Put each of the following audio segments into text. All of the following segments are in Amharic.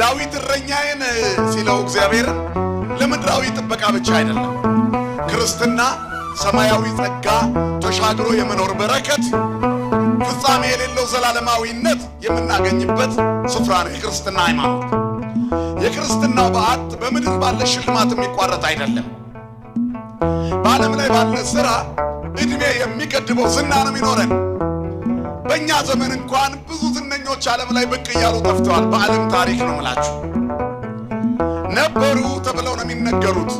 ዳዊት እረኛዬን ሲለው እግዚአብሔር ለምድራዊ ጥበቃ ብቻ አይደለም። ክርስትና ሰማያዊ ጸጋ ተሻግሮ የመኖር በረከት ፍጻሜ የሌለው ዘላለማዊነት የምናገኝበት ስፍራ ነው የክርስትና ሃይማኖት። የክርስትናው በዓት በምድር ባለ ሽልማት የሚቋረጥ አይደለም። በዓለም ላይ ባለ ሥራ ዕድሜ የሚገድበው ዝና ነው የሚኖረን በእኛ ዘመን እንኳን ብዙ ዝነኞች ዓለም ላይ ብቅ እያሉ ጠፍተዋል። በዓለም ታሪክ ነው ምላችሁ ነበሩ ተብለው ነው የሚነገሩት።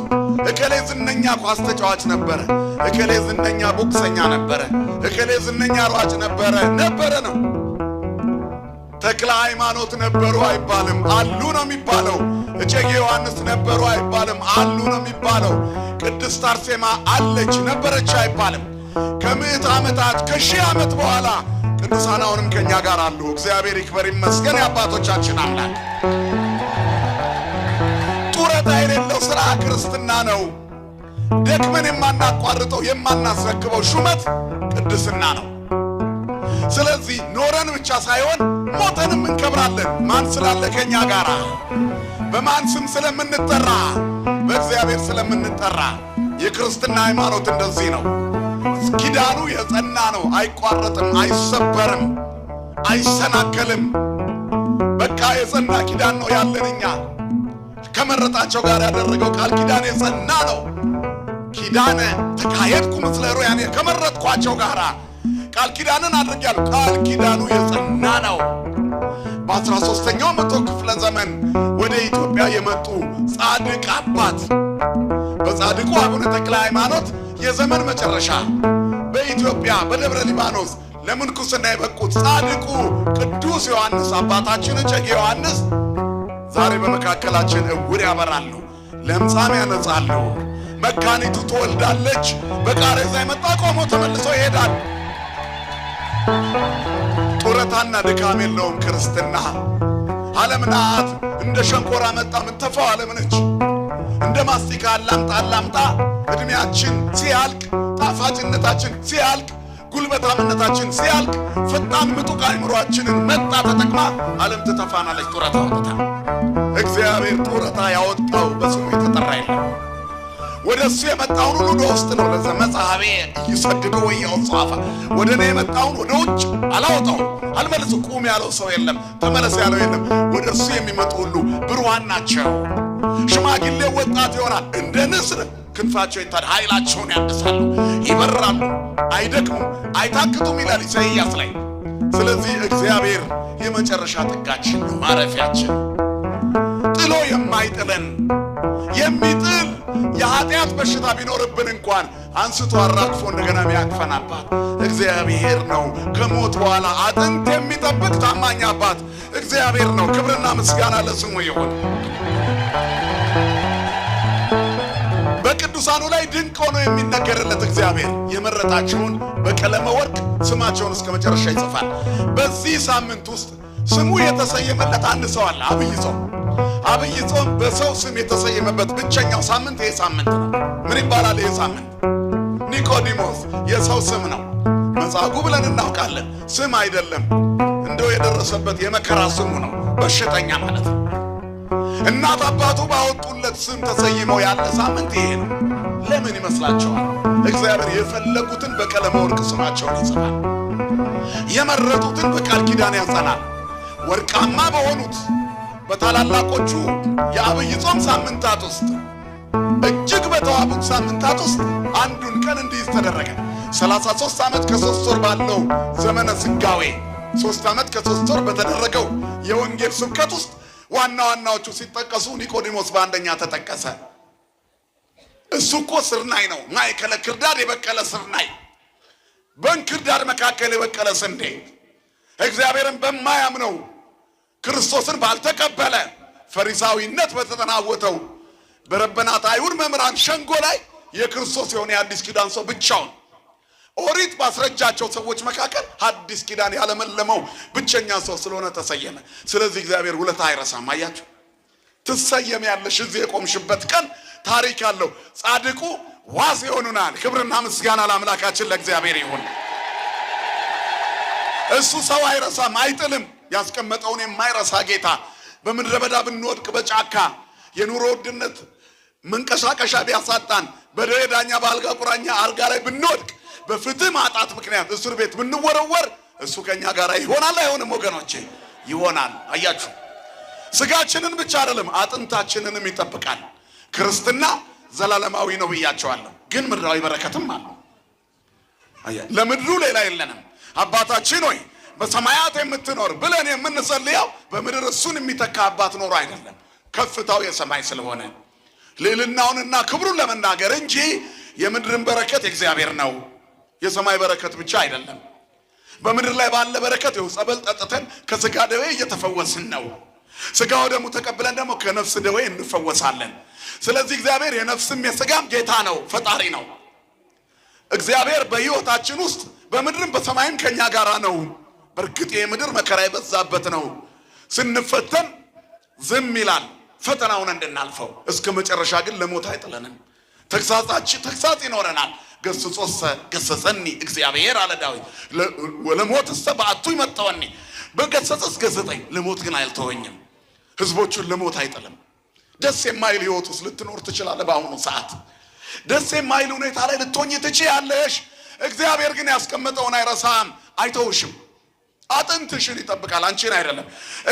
እከሌ ዝነኛ ኳስ ተጫዋች ነበረ፣ እከሌ ዝነኛ ቦክሰኛ ነበረ፣ እከሌ ዝነኛ ሯጭ ነበረ። ነበረ ነው ተክለ ሃይማኖት ነበሩ አይባልም፣ አሉ ነው የሚባለው። እጨጌ ዮሐንስ ነበሩ አይባልም፣ አሉ ነው የሚባለው። ቅድስት አርሴማ አለች ነበረች አይባልም። ከምዕት ዓመታት ከሺህ ዓመት በኋላ ቅዱሳን አሁንም ከእኛ ጋር አሉ። እግዚአብሔር ይክበር ይመስገን። የአባቶቻችን አምላክ ጡረታ የሌለው ሥራ ክርስትና ነው። ደክመን የማናቋርጠው የማናስረክበው ሹመት ቅድስና ነው። ስለዚህ ኖረን ብቻ ሳይሆን ሞተንም እንከብራለን። ማን ስላለ ከእኛ ጋር በማን ስም ስለምንጠራ፣ በእግዚአብሔር ስለምንጠራ። የክርስትና ሃይማኖት እንደዚህ ነው። ኪዳኑ የጸና ነው። አይቋረጥም፣ አይሰበርም፣ አይሰናከልም። በቃ የጸና ኪዳን ነው ያለን እኛ ከመረጣቸው ጋር ያደረገው ቃል ኪዳን የጸና ነው። ኪዳነ ተካሄድኩ ምስለ ሮያኔ ከመረጥኳቸው ጋር ቃል ኪዳንን አድርጌያለሁ። ቃል ኪዳኑ የጸና ነው። በአስራ ሦስተኛው መቶ ክፍለ ዘመን ወደ ኢትዮጵያ የመጡ ጻድቅ አባት በጻድቁ አቡነ ተክለ ሃይማኖት የዘመን መጨረሻ በኢትዮጵያ በደብረ ሊባኖስ ለምንኩስና የበቁት ጻድቁ ቅዱስ ዮሐንስ አባታችን እጨጌ ዮሐንስ ዛሬ በመካከላችን እውር ያበራሉ፣ ለምጻም ያነጻሉ፣ መካኒቱ ትወልዳለች፣ በቃሬዛ የመጣ ቆሞ ተመልሶ ይሄዳል። ጡረታና ድካም የለውም ክርስትና። አለምናት እንደ ሸንኮራ መጣ ምንተፋው ዓለም እንደ ማስቲካ አላምጣ አላምጣ ዕድሜያችን ሲያልቅ ጣፋጭነታችን ሲያልቅ ጉልበታምነታችን ሲያልቅ ፈጣን ምጡቅ አይምሯችንን መጣ ተጠቅማ ዓለም ትተፋናለች። ጡረታ አውጥታ እግዚአብሔር ጡረታ ያወጣው በስሙ የተጠራ የለም። ወደ እሱ የመጣውን ሁሉ ወደ ውስጥ ነው። ለዘ መጽሐቤ ይሰድዱ ወይ ያውጻፋ ወደ እኔ የመጣውን ወደ ውጭ አላወጣውም፣ አልመልሱ። ቁም ያለው ሰው የለም፣ ተመለስ ያለው የለም። ወደ እሱ የሚመጡ ሁሉ ብሩሃን ናቸው። ሽማግሌ ወጣት ይሆናል እንደ ንስር ክንፋቸው ይታል፣ ኃይላቸውን ያድሳሉ፣ ይበራሉ፣ አይደክሙም፣ አይታክቱም ይላል ኢሳይያስ ላይ። ስለዚህ እግዚአብሔር የመጨረሻ ጥጋችን ነው፣ ማረፊያችን፣ ጥሎ የማይጥለን የሚጥል የኃጢአት በሽታ ቢኖርብን እንኳን አንስቶ አራግፎ እንደገና የሚያቅፈን አባት እግዚአብሔር ነው። ከሞት በኋላ አጥንት የሚጠብቅ ታማኝ አባት እግዚአብሔር ነው። ክብርና ምስጋና ለስሙ ይሁን። በቅዱሳኑ ላይ ድንቅ ሆኖ የሚነገርለት እግዚአብሔር የመረጣቸውን በቀለመ ወርቅ ስማቸውን እስከ መጨረሻ ይጽፋል። በዚህ ሳምንት ውስጥ ስሙ የተሰየመለት አንድ ሰው አለ። አብይ ጾም፣ አብይ ጾም በሰው ስም የተሰየመበት ብቸኛው ሳምንት ይህ ሳምንት ነው። ምን ይባላል ይህ ሳምንት? ኒቆዲሞስ የሰው ስም ነው። መጻጉ ብለን እናውቃለን። ስም አይደለም፣ እንደው የደረሰበት የመከራ ስሙ ነው። በሽተኛ ማለት ነው። እናት አባቱ ባወጡለት ስም ተሰይሞ ያለ ሳምንት ይሄ ነው። ለምን ይመስላችኋል? እግዚአብሔር የፈለጉትን በቀለመ ወርቅ ስማቸውን ይጽፋል፣ የመረጡትን በቃል ኪዳን ያጸናል። ወርቃማ በሆኑት በታላላቆቹ የአብይ ጾም ሳምንታት ውስጥ እጅግ በተዋቡት ሳምንታት ውስጥ አንዱን ቀን እንዲይዝ ተደረገ። 33 ዓመት ከሶስት ወር ባለው ዘመነ ስጋዌ ሶስት ዓመት ከሶስት ወር በተደረገው የወንጌል ስብከት ውስጥ ዋና ዋናዎቹ ሲጠቀሱ ኒቆዲሞስ በአንደኛ ተጠቀሰ። እሱ እኮ ስርናይ ነው። ማእከለ ክርዳድ የበቀለ ስርናይ፣ በእንክርዳድ መካከል የበቀለ ስንዴ፣ እግዚአብሔርን በማያምነው ክርስቶስን ባልተቀበለ ፈሪሳዊነት በተጠናወተው በረበናት አይሁድ መምህራን ሸንጎ ላይ የክርስቶስ የሆነ የአዲስ ኪዳን ሰው ብቻውን ኦሪት ባስረጃቸው ሰዎች መካከል ሐዲስ ኪዳን ያለመለመው ብቸኛ ሰው ስለሆነ ተሰየመ። ስለዚህ እግዚአብሔር ውለታ አይረሳም። አያችሁ፣ ትሰየም ያለሽ እዚህ የቆምሽበት ቀን ታሪክ አለው ጻድቁ ዋስ ይሆኑናል። ክብርና ምስጋና ለአምላካችን ለእግዚአብሔር ይሁን። እሱ ሰው አይረሳም፣ አይጥልም። ያስቀመጠውን የማይረሳ ጌታ በምድረ በዳ ብንወድቅ በጫካ የኑሮ ውድነት መንቀሳቀሻ ቢያሳጣን በደዌ ዳኛ በአልጋ ቁራኛ አልጋ ላይ ብንወድቅ በፍትህ ማጣት ምክንያት እስር ቤት ብንወረወር እሱ ከኛ ጋር ይሆናል አይሆንም? ወገኖቼ ይሆናል። አያችሁ፣ ስጋችንን ብቻ አይደለም አጥንታችንንም ይጠብቃል። ክርስትና ዘላለማዊ ነው ብያቸዋለሁ፣ ግን ምድራዊ በረከትም አለው። ለምድሩ ሌላ የለንም። አባታችን ሆይ በሰማያት የምትኖር ብለን የምንጸልየው በምድር እሱን የሚተካ አባት ኖሮ አይደለም፣ ከፍታው የሰማይ ስለሆነ ልዕልናውንና ክብሩን ለመናገር እንጂ የምድርን በረከት የእግዚአብሔር ነው የሰማይ በረከት ብቻ አይደለም። በምድር ላይ ባለ በረከት ይኸው ጸበል ጠጥተን ከስጋ ደዌ እየተፈወስን ነው። ስጋው ደግሞ ተቀብለን ደግሞ ከነፍስ ደዌ እንፈወሳለን። ስለዚህ እግዚአብሔር የነፍስም የስጋም ጌታ ነው፣ ፈጣሪ ነው። እግዚአብሔር በሕይወታችን ውስጥ በምድርም በሰማይም ከኛ ጋር ነው። በእርግጥ የምድር መከራ የበዛበት ነው። ስንፈተን ዝም ይላል፣ ፈተናውን እንድናልፈው እስከ መጨረሻ ግን ለሞት አይጥለንም። ተግሳጻችን ተግሳጽ ይኖረናል። ገስጾሰ ገሰጸኒ እግዚአብሔር አለ ዳዊት። ለሞትሰ በአቱ ይመጣወኒ በገሰጸስ ገሰጠኝ፣ ለሞት ግን አልተወኝም። ህዝቦቹን ለሞት አይጥልም። ደስ የማይል ህይወትስ ልትኖር ትችላለህ። በአሁኑ ሰዓት ደስ የማይል ሁኔታ ላይ ልትሆኝ ትችያለሽ። እግዚአብሔር ግን ያስቀመጠውን አይረሳም፣ አይተውሽም። አጥንትሽን ይጠብቃል፣ አንቺን አይደለም።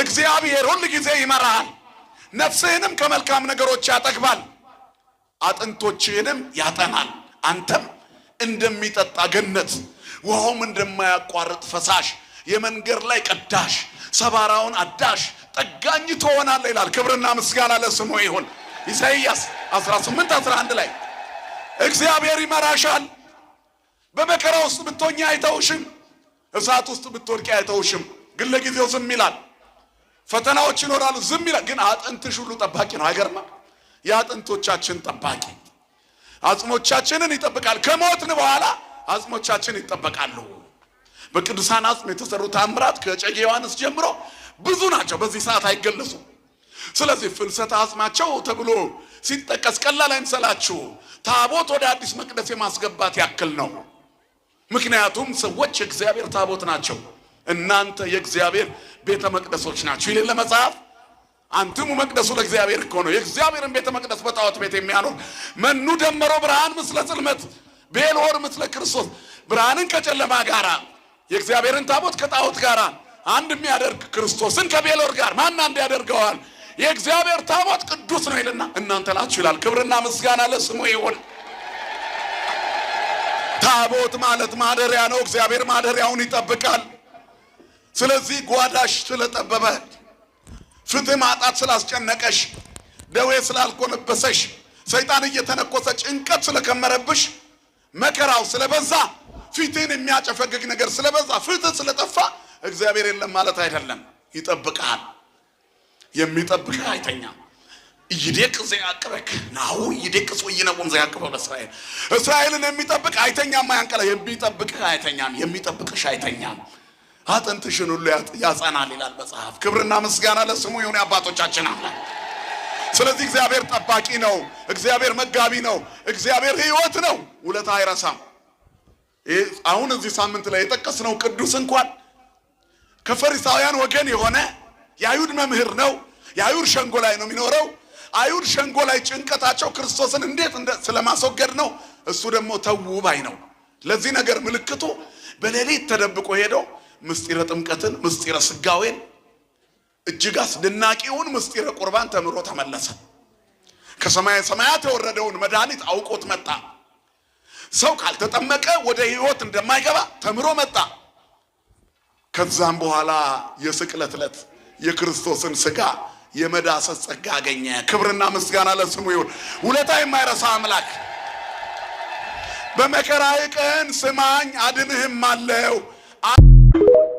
እግዚአብሔር ሁል ጊዜ ይመራሃል፣ ነፍስህንም ከመልካም ነገሮች ያጠግባል። አጥንቶችህንም ያጠናል። አንተም እንደሚጠጣ ገነት፣ ውሃውም እንደማያቋርጥ ፈሳሽ፣ የመንገድ ላይ ቀዳሽ፣ ሰባራውን አዳሽ፣ ጠጋኝ ትሆናለህ ይላል። ክብርና ምስጋና ለስሙ ይሁን። ኢሳይያስ 18 11 ላይ እግዚአብሔር ይመራሻል። በመከራ ውስጥ ብትሆኝ አይተውሽም። እሳት ውስጥ ብትወድቅ አይተውሽም። ግን ለጊዜው ዝም ይላል። ፈተናዎች ይኖራሉ፣ ዝም ይላል። ግን አጥንትሽ ሁሉ ጠባቂ ነው። አይገርማ? የአጥንቶቻችን ጠባቂ አጽሞቻችንን ይጠብቃል። ከሞትን በኋላ አጽሞቻችን ይጠበቃሉ። በቅዱሳን አጽም የተሰሩ ታምራት ከጨጌ ዮሐንስ ጀምሮ ብዙ ናቸው፣ በዚህ ሰዓት አይገለጹም። ስለዚህ ፍልሰተ አጽማቸው ተብሎ ሲጠቀስ ቀላል አይምሰላችሁ። ታቦት ወደ አዲስ መቅደስ የማስገባት ያክል ነው። ምክንያቱም ሰዎች የእግዚአብሔር ታቦት ናቸው። እናንተ የእግዚአብሔር ቤተ መቅደሶች ናችሁ ይላል መጽሐፍ። አንትሙ መቅደሱ ለእግዚአብሔር እኮ ነው። የእግዚአብሔርን ቤተ መቅደስ በጣዖት ቤት የሚያኖር መኑ ደመሮ ብርሃን ምስለ ጽልመት ቤልሆር ምስለ ክርስቶስ ብርሃንን ከጨለማ ጋራ የእግዚአብሔርን ታቦት ከጣዖት ጋራ አንድ የሚያደርግ ክርስቶስን ከቤልሆር ጋር ማን አንድ ያደርገዋል? የእግዚአብሔር ታቦት ቅዱስ ነው ይልና እናንተ ላችሁ ይላል። ክብርና ምስጋና ለስሙ ይሁን። ታቦት ማለት ማደሪያ ነው። እግዚአብሔር ማደሪያውን ይጠብቃል። ስለዚህ ጓዳሽ ስለጠበበ ፍትህ ማጣት ስላስጨነቀሽ፣ ደዌ ስላልኮለበሰሽ፣ ሰይጣን እየተነኮሰ ጭንቀት ስለከመረብሽ፣ መከራው ስለበዛ፣ ፊትህን የሚያጨፈግግ ነገር ስለበዛ፣ ፍትህ ስለጠፋ እግዚአብሔር የለም ማለት አይደለም። ይጠብቃል። የሚጠብቅህ አይተኛም። ይደቅዝ ዘያቅበክ ናሁ ይደቅዝ ወይነቁም ዘያቅበው ለእስራኤል እስራኤልን የሚጠብቅ አይተኛም። አያንቀላ የሚጠብቅህ አይተኛም። የሚጠብቅሽ አይተኛም። አጥንትሽን ሁሉ ያጸናል ይላል መጽሐፍ። ክብርና ምስጋና ለስሙ ይሁን አባቶቻችን አለ። ስለዚህ እግዚአብሔር ጠባቂ ነው። እግዚአብሔር መጋቢ ነው። እግዚአብሔር ሕይወት ነው። ውለታ አይረሳም። አሁን እዚህ ሳምንት ላይ የጠቀስነው ቅዱስ እንኳን ከፈሪሳውያን ወገን የሆነ የአይሁድ መምህር ነው። የአይሁድ ሸንጎ ላይ ነው የሚኖረው። አይሁድ ሸንጎ ላይ ጭንቀታቸው ክርስቶስን እንዴት ስለማስወገድ ነው። እሱ ደግሞ ተውባይ ነው። ለዚህ ነገር ምልክቱ በሌሊት ተደብቆ ሄደው ምስጢረ ጥምቀትን፣ ምስጢረ ስጋዌን፣ እጅግ አስደናቂውን ምስጢረ ቁርባን ተምሮ ተመለሰ። ከሰማየ ሰማያት የወረደውን መድኃኒት አውቆት መጣ። ሰው ካልተጠመቀ ወደ ሕይወት እንደማይገባ ተምሮ መጣ። ከዛም በኋላ የስቅለት ዕለት የክርስቶስን ስጋ የመዳሰስ ጸጋ አገኘ። ክብርና ምስጋና ለስሙ ይሁን። ውለታ የማይረሳ አምላክ በመከራዬ ቀን ስማኝ አድንህም አለው 아...